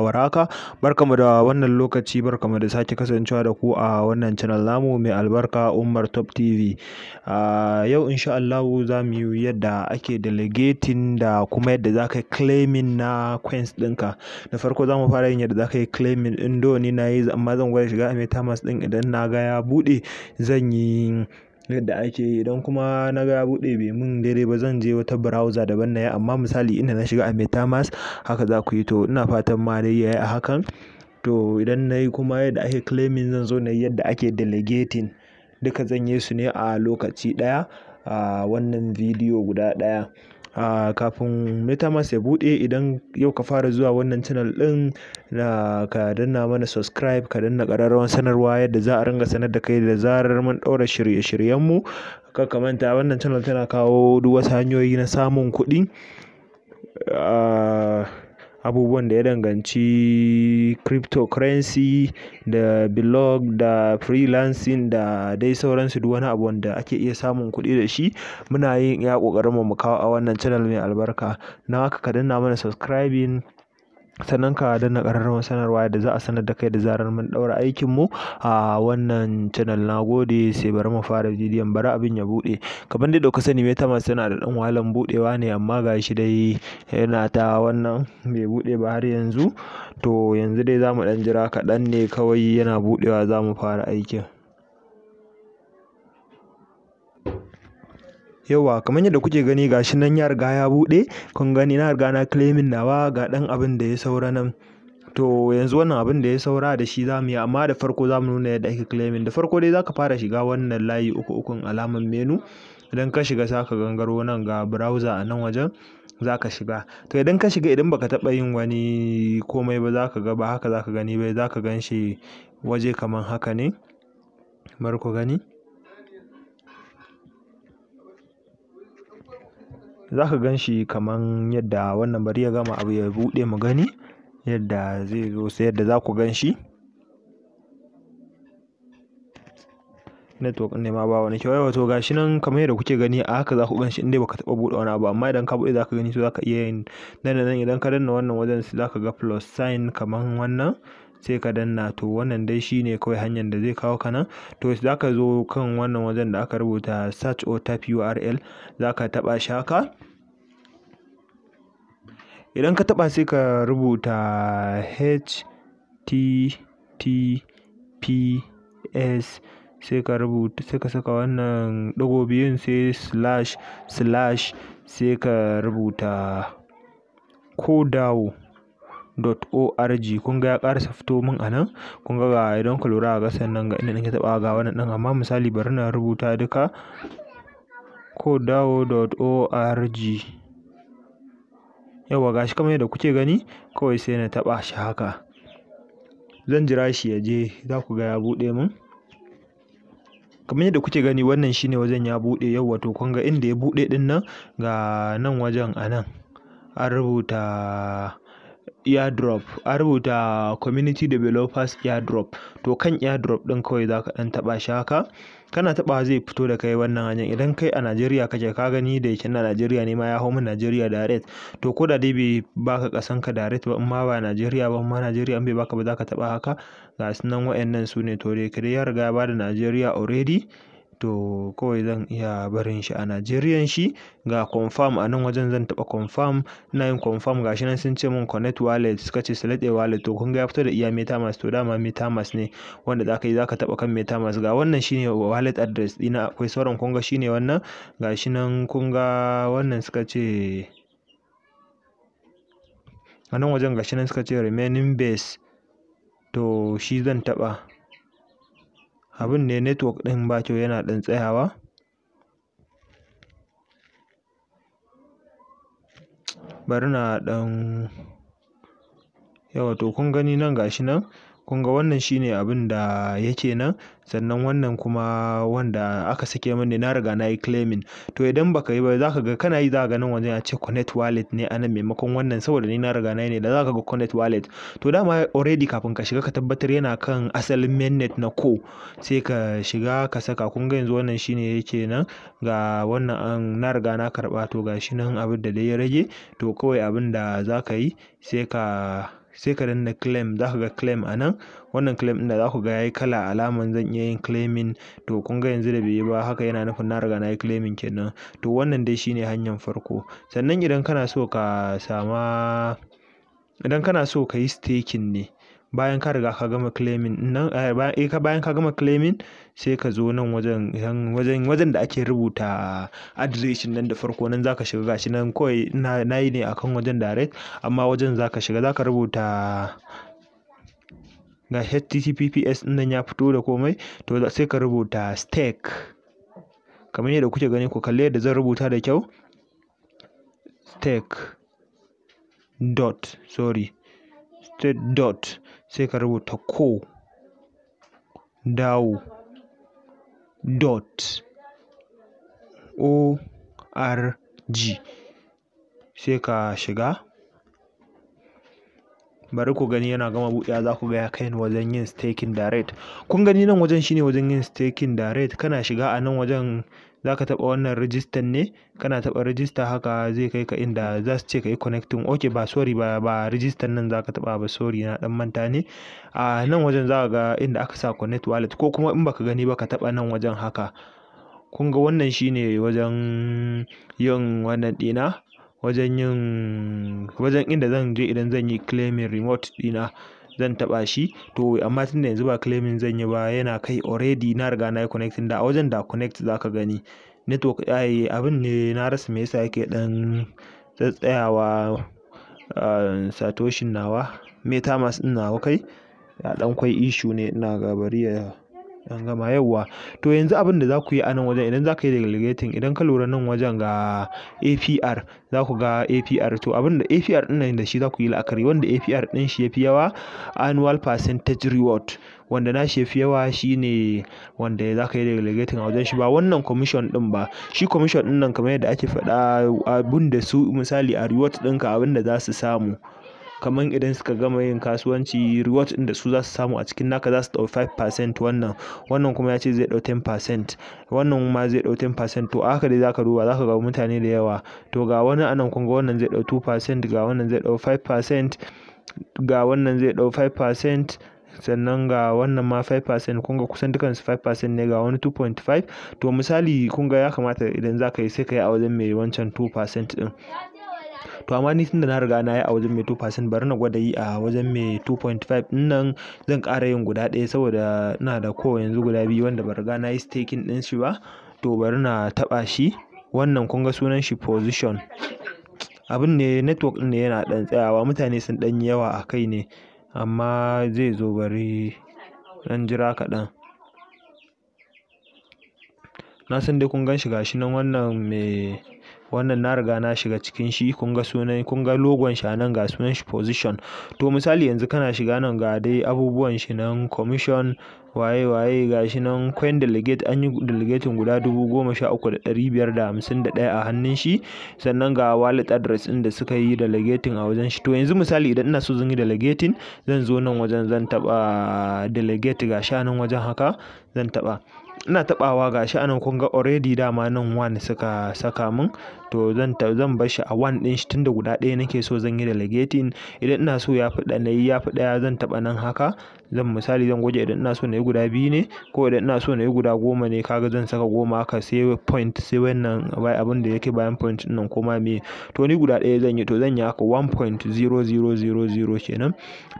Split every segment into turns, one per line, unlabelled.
warhaka barkamu da wannan lokaci barkamu da sake kasancewa da ku a wannan channel namu mai albarka Umar Top TV a yau insha Allah za mu yi yadda ake delegating da kuma yadda za ka yi claiming na coins ɗinka da farko za mu fara yin yadda za ka yi claiming ɗin do ni na yi amma zan gwada shiga a metamask ɗin idan na ga ya buɗe zan yi yadda ake yi. Idan kuma na ga bude buɗe bai mun dare ba zan je wata browser daban na yi. Amma misali inda na shiga a MetaMask haka za ku yi to ina fatan ma dai yayi a hakan. To idan na yi kuma yadda ake claiming zan zo na yi yadda ake delegating. Duka zan yi su ne a lokaci daya a wannan bidiyo guda daya. kafin kafin metamask ya bude idan yau ka fara zuwa wannan channel din na ka danna mana subscribe ka danna kararrawan sanarwa yadda za a ringa sanar da kai da zarar mun daura shirye-shiryenmu ka manta wannan channel tana kawo duk wasu hanyoyi na samun kuɗi abubuwan da ya danganci cryptocurrency da blog da freelancing da dai sauransu duk wani abu wanda ake iya samun kuɗi da shi muna yin iya ƙoƙarin mu kawo a wannan channel mai albarka. na haka ka danna mana subscribing. sannan ka danna ƙararrawar sanarwa da za a sanar da kai da zarar mun ɗaura aikinmu a wannan channel na gode sai bari mu fara bidiyon bari abin ya buɗe kamar dai ɗauka sani meta masu yana da ɗan wahalar buɗewa ne amma gashi shi dai yana ta wannan bai buɗe ba har yanzu to yanzu dai za mu ɗan jira kaɗan ne kawai yana buɗewa za mu fara aikin Yauwa kamar yadda kuke gani ga shi nan ya riga ya bude Kun gani na riga na claiming nawa ga dan abin da ya saura nan. To yanzu wannan abin da ya saura da shi zamu yi amma da farko zamu nuna yadda ake claiming. Da farko dai zaka fara shiga wannan layi uku ukun alaman menu. Idan ka shiga saka gangaro nan ga browser a nan wajen zaka shiga. To idan ka shiga idan baka taba yin wani komai ba zaka ga ba haka zaka gani bai zaka gan waje kaman haka ne. Bari gani. za ka gan shi kaman yadda wannan bari ya gama abu ya buɗe mu gani yadda zai zo sai yadda za ku gan shi network ne ma ba wani kyau wato gashi nan kamar yadda kuke gani a haka za ku ganshi inda baka taba buɗe wani abu amma idan ka za zaka gani za zaka iya yin nan nan idan ka danna wannan wajen zaka ga plus sign kaman wannan sai ka danna. To wannan dai shine kawai hanyar da zai kawo ka nan. To za ka zo kan wannan wajen da aka rubuta search or tap URL. Za ka Idan ka taba sai ka rubuta https sai ka rubuta sai ka saka wannan dago biyun sai slash slash sai ka rubuta Kodawo. .org kun ga ya ƙarasa fito min a nan kun ga idan ku lura a ƙasan nan ga inda nake taɓa ga wannan ɗin amma misali bari na rubuta duka kodawo.org yauwa gashi kamar yadda kuke gani kawai sai na taɓa shi haka zan jira shi ya je za ku ga ya buɗe mun kamar yadda kuke gani wannan shine wajen ya buɗe yauwa to kun ga inda ya buɗe ɗin nan ga nan wajen a nan an rubuta airdrop, an rubuta community developers airdrop. To kan airdrop din kawai za ka ɗan taɓa shi haka. Kana taɓawa zai fito da kai wannan hanyar. Idan kai a Najeriya kake ka gani da yake na Najeriya ne ma ya hau min Najeriya direct. To ko da dai bai baka kasan ka direct ba in ma ba Najeriya ba in ma Najeriya bai baka ba za ka taɓa haka. Ga sunan nan su ne to dai ka dai ya riga ya bada Najeriya already. to kawai zan iya barin shi a Najeriyan shi ga confirm a nan wajen zan taɓa confirm ina yin confirm gashi nan sun ce mun connect wallet suka ce select a wallet to kun ga ya fito da iya metamask to dama metamask ne wanda za ka yi za ka taɓa kan metamask ga wannan shine wallet address ɗina akwai sauran kun ga shine wannan gashi nan kun ga wannan suka ce a nan wajen gashi nan suka ce remaining base to shi zan taɓa abin ne network ɗin ba kyau yana ɗan tsayawa. Bari na ɗan, yauwa to kun gani nan gashi nan. Kun ga wannan shine abin da yake nan. Sannan wannan kuma wanda aka sake min ne na riga na yi claiming. To idan baka yi ba za ka ga kana yi za ka ga nan wajen ya ce connect wallet ne a nan maimakon wannan saboda ni na riga na yi ne da za ka ga connect wallet. To dama already kafin ka shiga ka tabbatar yana kan asalin mainnet na ko sai ka shiga ka saka. Kun ga yanzu wannan shine yake nan ga wannan an na riga na karɓa to ga shi nan abin da dai ya rage. To kawai abin da za ka yi sai ka. sai ka danna claim za ka ga claim a nan wannan claim ɗin da za ku ga yayi kala alaman zan iya yin claiming to kun ga yanzu da bai yi ba haka yana nufin na riga na yi claiming kenan to wannan dai shine hanyar farko sannan idan kana so ka sama idan kana so ka yi staking ne bayan ka riga ka gama claiming nan eh, eh bayan ka gama claiming sai ka zo nan wajen wajen wajen da ake rubuta adireshin nan da farko nan zaka shiga gashi nan kawai na yi ne akan wajen direct amma wajen zaka shiga zaka rubuta ga https nan ya fito da komai to sai ka rubuta stake kamar yadda kuke gani ku kalle yadda zan rubuta da kyau stake dot sorry state dot sai ka rubuta ko dawo dot org sai ka shiga bari ku gani yana gama buɗewa za ku ga ya kai ni wajen yin staking direct kun gani nan wajen shine wajen yin staking direct kana shiga a nan wajen za ka taɓa wannan register ne kana taɓa register haka zai kai ka inda za su ce ka yi connecting ok ba sorry ba ba register nan za ka taɓa ba sorry na ɗan manta ne a nan wajen za ka ga inda aka sa connect wallet ko kuma in baka gani ba ka taɓa nan wajen haka kun ga wannan shine wajen yin wannan ɗina wajen yin wajen inda zan je idan zan yi claiming remote ɗina zan taɓa shi to amma tunda yanzu ba claiming zan yi ba yana kai already na riga na yi connecting da a wajen da connect za ka gani network ai abin ne na rasa me yasa yake ɗan tsattsayawa ah, satoshin nawa metamask ɗin nawa kai ya ɗan kwai issue ne ina ga ya. an gama yauwa to yanzu abin da za ku yi a nan wajen idan za ka yi delegating idan ka lura nan wajen ga APR za ku ga APR to abin da APR ɗin nan da shi za ku yi la'akari wanda APR ɗin shi ya fi yawa annual percentage reward wanda na shi fi yawa shine wanda za ka yi delegating a wajen shi ba wannan commission din ba shi commission din nan kamar yadda ake faɗa abin da su misali a reward ɗinka abin da za su samu kaman idan suka gama yin kasuwanci reward din da su za su samu a cikin naka za su dau 5% wannan wannan kuma ya ce zai dau 10% wannan ma zai dau 10% to haka dai zaka duba zaka ga mutane da yawa to ga wani anan kun ga wannan zai dau 2% ga wannan zai dau 5% ga wannan zai dau 5% sannan ga wannan ma 5% kun ga kusan dukansu 5% ne ga wani 2.5 to misali kun ga ya kamata idan za ka yi sai ka yi a wajen mai wancan 2% din. to amma ni tunda na riga na yi a wajen mai 2% bari na gwada yi a wajen mai 2.5 nan zan ƙara yin guda ɗaya saboda ina da ko yanzu guda biyu wanda ba riga na yi staking ɗin shi ba to bari na taɓa shi wannan kun ga sunan shi position abin ne network ɗin ne yana ɗan tsayawa mutane sun ɗan yawa a kai ne amma zai zo bari ɗan jira kaɗan na san dai kun gan shi gashi nan wannan mai wannan na riga na shiga cikin shi kun ga sunan kun ga logon shi nan ga sunan shi position to misali yanzu kana shiga nan ga dai abubuwan shi nan commission waye waye ga shi nan coin delegate an yi delegating guda dubu goma sha uku da ɗari biyar da hamsin da ɗaya a hannun shi sannan ga wallet address ɗin da suka yi delegating a wajen shi to yanzu misali idan ina so zan yi delegating zan zo nan wajen zan taɓa delegate ga sha nan wajen haka zan taɓa ina taɓawa gashi anan kun ga already dama nan one suka saka min to zan zan bar shi a one ɗin shi tunda guda ɗaya nake so zan yi delegating idan ina so ya fi ya ɗaya zan taɓa nan haka zan misali zan goge idan ina so na yi guda biyu ne ko idan ina so na guda goma ne kaga zan saka goma haka sai point sai wannan bai abin da yake bayan point nan kuma me to ni guda ɗaya zan yi to zan yi haka 1.0000 kenan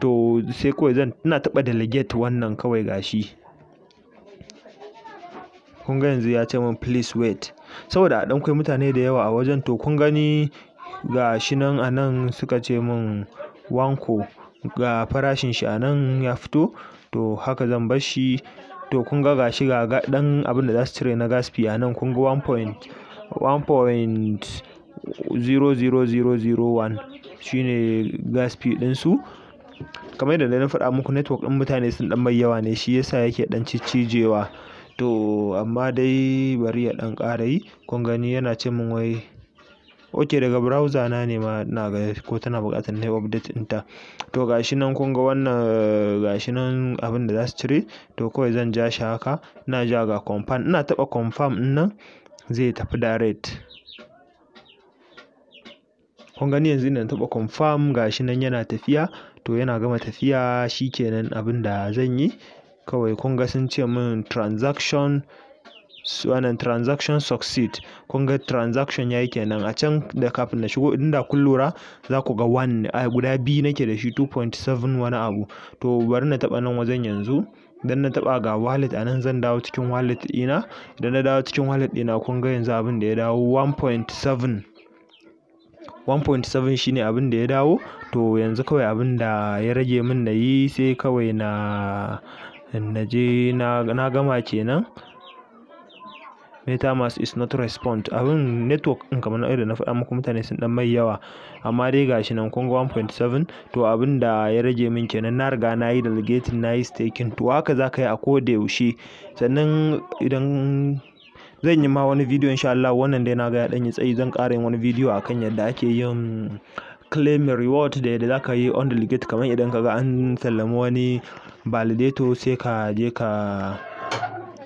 to sai kawai zan ina taba delegate wannan kawai gashi kun ga yanzu ya ce min please wait saboda a ɗan kwai mutane da yawa a wajen to kun gani ga shi nan a nan suka ce min wanko ga farashin shi a nan ya fito to haka zan bar shi to kun ga ga shi ga ɗan abin da za su cire na gas fee a nan kun ga 1.00001 shine gas fee din su kamar yadda na faɗa muku network ɗin mutane sun ɗan mai yawa ne shi yasa yake ɗan ciccijewa to amma dai bari ya ɗan ƙara yi kun gani yana ce min wai ok daga browser na ne ma na ga ko tana bukatar na yi update ɗinta to gashi nan kun ga wannan gashi nan abin da za su cire to kawai zan ja shi haka ina ja ga confirm ina taɓa confirm ɗin nan zai tafi direct kun gani yanzu ina taɓa confirm gashi nan yana tafiya to yana gama tafiya shikenan abin da zan yi kawai kun ga sun ce min transaction wannan transaction succeed kun ga transaction yayi kenan a can da kafin na shigo inda da kun lura za ku ga one a guda biyu nake da shi 2.7 wani abu to bari na taba nan wajen yanzu idan na taba ga wallet a nan zan dawo cikin wallet ɗina idan na dawo cikin wallet ɗina kun ga yanzu abin da ya dawo 1.7 1.7 shine abin da ya dawo to yanzu kawai abin da ya rage min na yi sai kawai na naje na, na gama kenan. MetaMask is not respond. Abin network in kamar na irin na faɗa muku mutane sun ɗan mai yawa. Amma dai gashi nan kun ga 1.7 to abin da ya rage min kenan na riga na yi delegating na yi staking to haka za ka yi a koda yaushe. Sannan idan zan yi ma wani video insha Allah wannan dai na ga ya ɗan yi tsayi zan ƙara yin wani video akan yadda ake yin. claim reward da yadda za ka yi on kamar idan ka ga an sallami wani validator sai ka je ka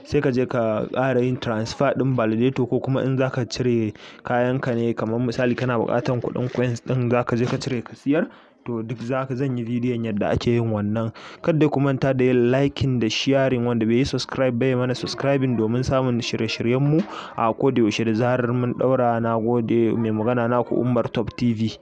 sai ƙara yin transfer ɗin validator ko kuma in za ka cire kayanka ne kamar misali kana buƙatar kuɗin coins ɗin za ka je ka cire ka siyar to duk zaka zan yi bidiyon yadda ake yin wannan kada ku manta da yin liking da sharing wanda bai yi subscribe bai mana subscribing domin samun shirye-shiryen mu a koda yaushe da zarar mun ɗaura na gode mai magana naku Umar Top TV